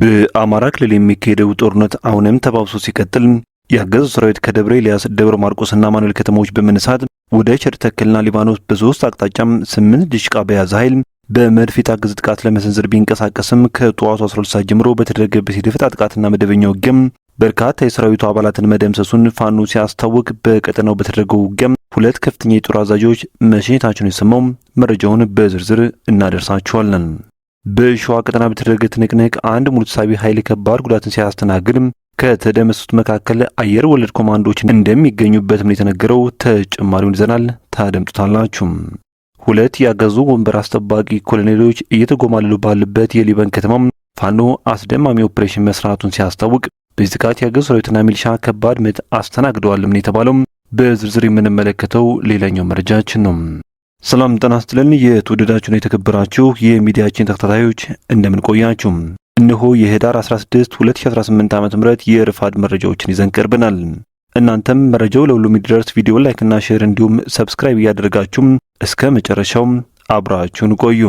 በአማራ ክልል የሚካሄደው ጦርነት አሁንም ተባብሶ ሲቀጥል የአገዛዙ ሰራዊት ከደብረ ኤልያስ፣ ደብረ ማርቆስና ማኑኤል ከተሞች በመነሳት ወደ ሸርተክልና ሊባኖስ በሶስት አቅጣጫም ስምንት ዲሽቃ በያዘ ኃይል በመድፍ የታገዘ ጥቃት ለመሰንዘር ቢንቀሳቀስም ከጠዋቱ 12 ሰዓት ጀምሮ በተደረገበት የደፈጣ ጥቃትና መደበኛ ውጊያም በርካታ የሰራዊቱ አባላትን መደምሰሱን ፋኖ ሲያስታውቅ በቀጠናው በተደረገው ውጊያም ሁለት ከፍተኛ የጦር አዛዦች መሸኘታቸውን የሰማው መረጃውን በዝርዝር እናደርሳችኋለን። በሸዋ ቀጠና በተደረገ ትንቅንቅ አንድ ሙሉ ተሳቢ ኃይል ከባድ ጉዳትን ሲያስተናግድም ከተደመሰሱት መካከል አየር ወለድ ኮማንዶዎች እንደሚገኙበትም ነው የተነገረው። ተጨማሪውን ይዘናል፣ ታደምጡታላችሁ። ሁለት ያገዙ ወንበር አስጠባቂ ኮሎኔሎች እየተጎማለሉ ባሉበት የሊበን ከተማም ፋኖ አስደማሚ ኦፕሬሽን መስራቱን ሲያስታውቅ በዚህ ጥቃት ያገዙ ሰራዊትና ሚሊሻ ከባድ ምት አስተናግደዋልም ነው የተባለው። በዝርዝር የምንመለከተው ሌላኛው መረጃችን ነው። ሰላም ጤና ይስጥልን። የተወደዳችሁና የተከበራችሁ የሚዲያችን ተከታታዮች እንደምን ቆያችሁ? እነሆ የህዳር 16 2018 ዓ.ም የርፋድ መረጃዎችን ይዘን ቀርበናል። እናንተም መረጃው ለሁሉም የሚደርስ ቪዲዮ ላይክና ሼር እንዲሁም ሰብስክራይብ እያደረጋችሁ እስከ መጨረሻው አብራችሁን ቆዩ።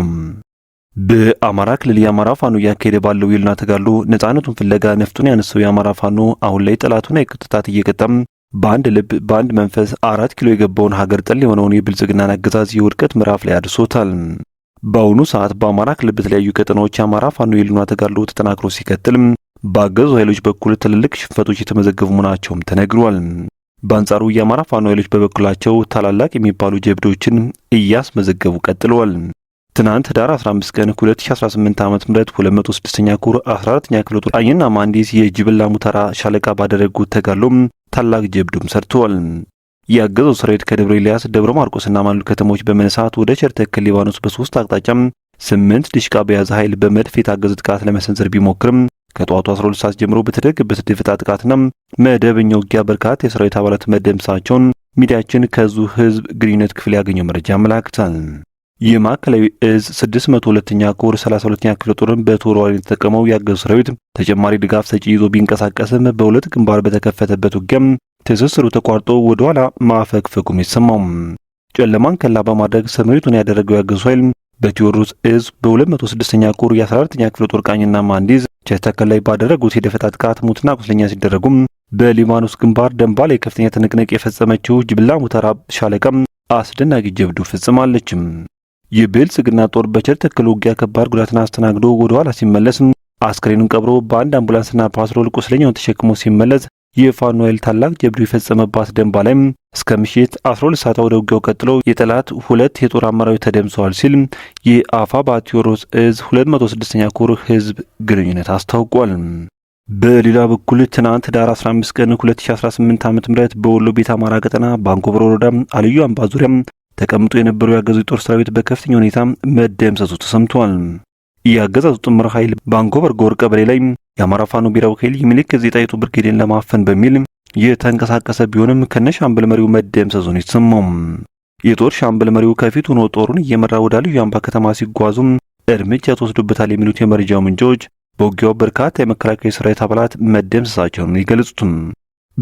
በአማራ ክልል የአማራ ፋኖ እያካሄደ ባለው የሉና ተጋድሎ ነጻነቱን ፍለጋ ነፍጡን ያነሳው የአማራ ፋኖ አሁን ላይ ጠላቱን የቅጥታት እየቀጠም በአንድ ልብ በአንድ መንፈስ አራት ኪሎ የገባውን ሀገር ጠል የሆነውን የብልጽግናን አገዛዝ የውድቀት ምዕራፍ ላይ አድርሶታል። በአሁኑ ሰዓት በአማራ ክልል በተለያዩ ቀጠናዎች የአማራ ፋኖ የሉና ተጋድሎ ተጠናክሮ ሲቀጥል፣ በአገዙ ኃይሎች በኩል ትልልቅ ሽንፈቶች የተመዘገቡ መሆናቸውም ተነግሯል። በአንጻሩ የአማራ ፋኖ ኃይሎች በበኩላቸው ታላላቅ የሚባሉ ጀብዶችን እያስመዘገቡ ቀጥለዋል። ትናንት ህዳር 15 ቀን 2018 ዓ.ም 206ኛ ኩር 14ኛ ክፍለ ጦር አየና መሐንዲስ የጅብላ ሙተራ ሻለቃ ባደረጉት ተጋድሎም ታላቅ ጀብዱም ሰርቷል። ያገዘው ሰራዊት ከደብረ ኤልያስ፣ ደብረ ማርቆስና ማኑኤል ከተሞች በመነሳት ወደ ቸርተክል ሊባኖስ በሶስት አቅጣጫ ስምንት ድሽቃ በያዘ ኃይል በመድፍ የታገዘ ጥቃት ለመሰንዘር ቢሞክርም ከጠዋቱ 12 ሰዓት ጀምሮ በተደረገበት ድፍጣ ጥቃትና መደበኛ ውጊያ በርካታ የሰራዊት አባላት መደምሳቸውን ሚዲያችን ከዙ ህዝብ ግንኙነት ክፍል ያገኘው መረጃ አመላክታል። የማዕከላዊ እዝ 602ኛ ኮር 32ኛ ክፍለ ጦርን በተወርዋሪ የተጠቀመው ያገዙ ሰራዊት ተጨማሪ ድጋፍ ሰጪ ይዞ ቢንቀሳቀስም በሁለት ግንባር በተከፈተበት ውጊያም ትስስሩ ተቋርጦ ወደ ኋላ ማፈግፈጉም ይሰማው። ጨለማን ከላ በማድረግ ስምሪቱን ያደረገው ያገዙ ኃይል በቴዎድሮስ እዝ በ206ኛ ኮር የ14ኛ ክፍለ ጦር ቃኝና መሐንዲስ ቸስተከል ላይ ባደረጉት የደፈጣ ጥቃት ሙትና ቁስለኛ ሲደረጉም በሊባኖስ ግንባር ደንባ ላይ ከፍተኛ ትንቅንቅ የፈጸመችው ጅብላ ሙተራ ሻለቀም አስደናቂ ጀብዱ ፈጽማለችም። የብልጽግና ጦር በቸርተክል ውጊያ ከባድ ጉዳትን አስተናግዶ ወደ ኋላ ሲመለስ አስክሬኑን ቀብሮ በአንድ አምቡላንስና ፓትሮል ቁስለኛውን ተሸክሞ ሲመለስ የፋኖ ኃይል ታላቅ ጀብዱ የፈጸመባት ደንባ ላይ እስከ ምሽት 12 ሰዓት ወደ ውጊያው ቀጥሎ የጠላት ሁለት የጦር አመራሮች ተደምሰዋል ሲል የአፋ ባቴዎሮስ እዝ 206ኛ ኮር ህዝብ ግንኙነት አስታውቋል። በሌላ በኩል ትናንት ዳር 15 ቀን 2018 ዓ.ም በወሎ ቤት አማራ ቀጠና ባንኮበር ወረዳ አልዩ አምባ ዙሪያ ተቀምጦ የነበረው የአገዛዙ ጦር ሰራዊት በከፍተኛ ሁኔታ መደምሰሱ ተሰምቷል። የአገዛዙ ጥምር ኃይል ባንኮበር ጎር ቀበሌ ላይ የአማራ ፋኖ ብሔራዊ ኃይል የሚልክ ዜጣ ብርጌዴን ለማፈን በሚል የተንቀሳቀሰ ቢሆንም ከነሻምበል መሪው መደምሰሱን የተሰማው የጦር ሻምበል መሪው ከፊት ሆኖ ጦሩን እየመራ ወደ ልዩ አምባ ከተማ ሲጓዙም እርምጃ ተወስዶበታል የሚሉት የመረጃው ምንጮች በውጊያው በርካታ የመከላከያ ሰራዊት አባላት መደምሰሳቸውን ይገልጹትም።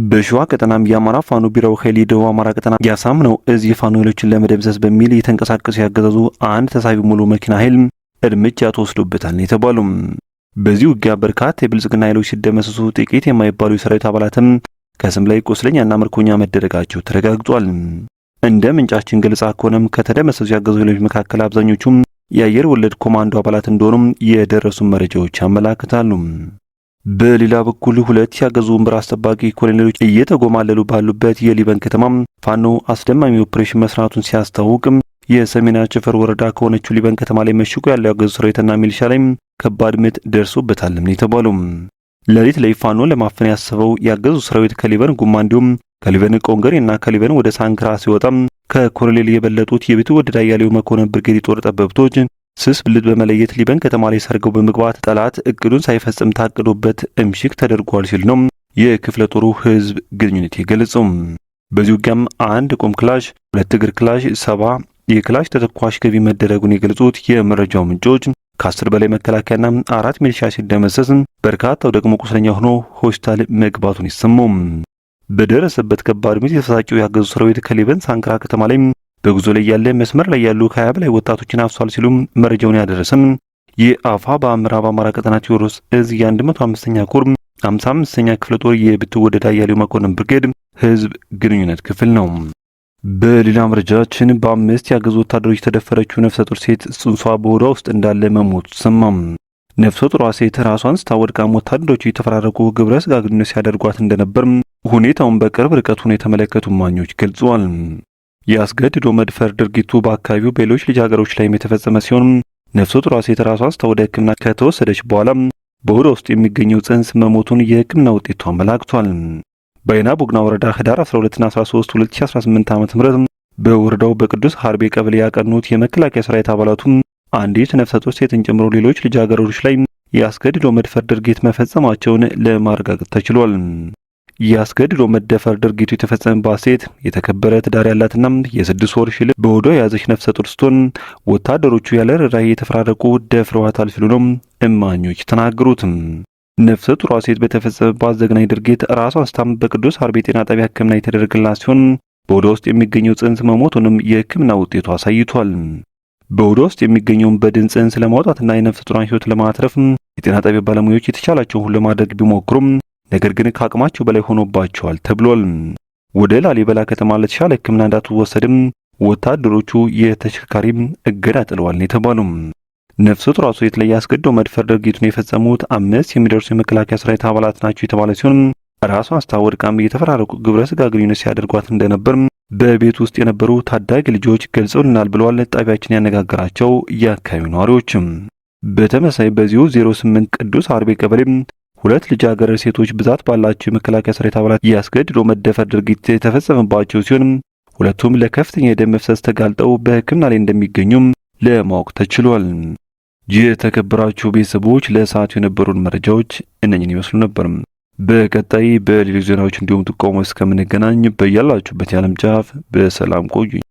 በሸዋ ቀጠናም የአማራ ፋኖ ብሔራዊ ኃይል የደቡብ አማራ ቀጠና ያሳምነው እዚህ የፋኖ ኃይሎችን ለመደብሰስ በሚል የተንቀሳቀሱ ያገዛዙ አንድ ተሳቢ ሙሉ መኪና ኃይል እርምጃ ተወስዶበታል የተባሉ። በዚህ ውጊያ በርካታ የብልጽግና ኃይሎች ሲደመሰሱ፣ ጥቂት የማይባሉ የሰራዊት አባላትም ከስም ላይ ቁስለኛና ምርኮኛ መደረጋቸው ተረጋግጧል። እንደ ምንጫችን ገለጻ ከሆነም ከተደመሰሱ ያገዙ ኃይሎች መካከል አብዛኞቹም የአየር ወለድ ኮማንዶ አባላት እንደሆኑም የደረሱ መረጃዎች ያመላክታሉ። በሌላ በኩል ሁለት ያገዙ ወንበር አስጠባቂ ኮሎኔሎች እየተጎማለሉ ባሉበት የሊበን ከተማ ፋኖ አስደማሚ ኦፕሬሽን መስራቱን ሲያስታውቅ የሰሜን አቸፈር ወረዳ ከሆነችው ሊበን ከተማ ላይ መሽጎ ያለው ያገዙ ሰራዊትና ሚሊሻ ላይ ከባድ ምት ደርሶበታል ነው የተባለው። ሌሊት ላይ ፋኖ ለማፈን ያሰበው ያገዙ ሰራዊት ከሊበን ጉማ እንዲሁም ከሊበን ቆንገሬ እና ከሊበን ወደ ሳንክራ ሲወጣ ከኮሎኔል የበለጡት የቤቱ ወደዳ ያሌው መኮንን ብርጌድ ጦር ጠበብቶች ስስ ብልት በመለየት ሊበን ከተማ ላይ ሰርገው በመግባት ጠላት እቅዱን ሳይፈጽም ታቅዶበት እምሽግ ተደርጓል ሲል ነው የክፍለ ጦሩ ህዝብ ግንኙነት የገለጸው። በዚህ ውጊያም አንድ ቆም ክላሽ፣ ሁለት እግር ክላሽ፣ ሰባ የክላሽ ተተኳሽ ገቢ መደረጉን የገለጹት የመረጃው ምንጮች ከአስር በላይ መከላከያና አራት ሚሊሻ ሲደመሰስ በርካታው ደግሞ ቁስለኛ ሆኖ ሆስፒታል መግባቱን ይሰሙም። በደረሰበት ከባድ ምት የተሳጨው ያገዙ ሰራዊት ከሊበን ሳንክራ ከተማ ላይ በጉዞ ላይ ያለ መስመር ላይ ያሉ ከሀያ በላይ ወጣቶችን አፍሷል ሲሉም መረጃውን ያደረሰን የአፋ በምዕራብ አማራ ቀጠና ቴዎድሮስ እዝ የ105ኛ ኮር 55ኛ ክፍለ ጦር የብትወደዳ ያሌው መኮንን ብርጌድ ህዝብ ግንኙነት ክፍል ነው። በሌላ መረጃችን በአምስት ያገዙ ወታደሮች የተደፈረችው ነፍሰ ጡር ሴት ጽንሷ በሆዷ ውስጥ እንዳለ መሞቱ ሰማም። ነፍሰ ጡሯ ሴት ራሷን ስታወድቃም ወታደሮቹ የተፈራረቁ ግብረ ስጋ ግንኙነት ሲያደርጓት እንደነበር ሁኔታውን በቅርብ ርቀት ሆነው የተመለከቱ እማኞች ገልጸዋል። የአስገድዶ መድፈር ድርጊቱ በአካባቢው በሌሎች ልጃገረዶች ላይም የተፈጸመ ሲሆን ነፍሰ ጡሯ ሴት ራሷ ወደ ህክምና ከተወሰደች በኋላ በሆዷ ውስጥ የሚገኘው ጽንስ መሞቱን የህክምና ውጤቱ አመላክቷል። በአይና ቡግና ወረዳ ህዳር 12ና 13 2018 ዓ ም በወረዳው በቅዱስ ሀርቤ ቀበሌ ያቀኑት የመከላከያ ሰራዊት አባላቱም አንዲት ነፍሰ ጡር ሴትን ጨምሮ ሌሎች ልጃገረዶች ላይ የአስገድዶ መድፈር ድርጊት መፈጸማቸውን ለማረጋገጥ ተችሏል። ያስገድዶ መደፈር ድርጊቱ የተፈጸመባት ሴት የተከበረ ትዳር ያላትና የስድስት ወር ሽል በሆዷ የያዘች ነፍሰ ጡር ስትሆን ወታደሮቹ ያለ ርኅራኄ የተፈራረቁ ደፍረዋታል ሲሉ ነው እማኞች ተናግሩትም። ነፍሰ ጡሯ ሴት በተፈጸመባት ዘግናኝ ድርጊት ራሷን አንስታም በቅዱስ አርቤ ጤና ጣቢያ ሕክምና የተደረገላት ሲሆን በሆዷ ውስጥ የሚገኘው ጽንስ መሞቱንም የሕክምና ውጤቱ አሳይቷል። በሆዷ ውስጥ የሚገኘውን በድን ጽንስ ለማውጣትና የነፍሰ ጡሯን ሕይወት ለማትረፍ የጤና ጣቢያ ባለሙያዎች የተቻላቸውን ሁሉ ለማድረግ ቢሞክሩም ነገር ግን ከአቅማቸው በላይ ሆኖባቸዋል ተብሏል። ወደ ላሊበላ ከተማ ለተሻለ ለሕክምና እንዳትወሰድም ወታደሮቹ የተሽከርካሪ እገዳ ጥለዋል የተባሉ ነፍሰ ጡር ሴት ላይ መድፈር ድርጊቱን የፈጸሙት አምስት የሚደርሱ የመከላከያ ሰራዊት አባላት ናቸው የተባለ ሲሆን ራሷ አስታወድቃም እየተፈራረቁ ግብረ ስጋ ግንኙነት ሲያደርጓት እንደነበር በቤት ውስጥ የነበሩ ታዳጊ ልጆች ገልጸውልናል ብለዋል ጣቢያችን ያነጋገራቸው የአካባቢው ነዋሪዎችም። በተመሳይ በዚሁ 08 ቅዱስ አርቤ ቀበሌ ሁለት ልጃገረድ ሴቶች ብዛት ባላቸው የመከላከያ ሰራዊት አባላት ያስገድዶ መደፈር ድርጊት የተፈጸመባቸው ሲሆን ሁለቱም ለከፍተኛ የደም መፍሰስ ተጋልጠው በሕክምና ላይ እንደሚገኙም ለማወቅ ተችሏል። የተከበራችሁ ቤተሰቦች ለሰዓቱ የነበሩን መረጃዎች እነኝን ይመስሉ ነበር። በቀጣይ በሌሎች ዜናዎች እንዲሁም ጥቆማ እስከምንገናኝ በያላችሁበት የዓለም ጫፍ በሰላም ቆዩኝ።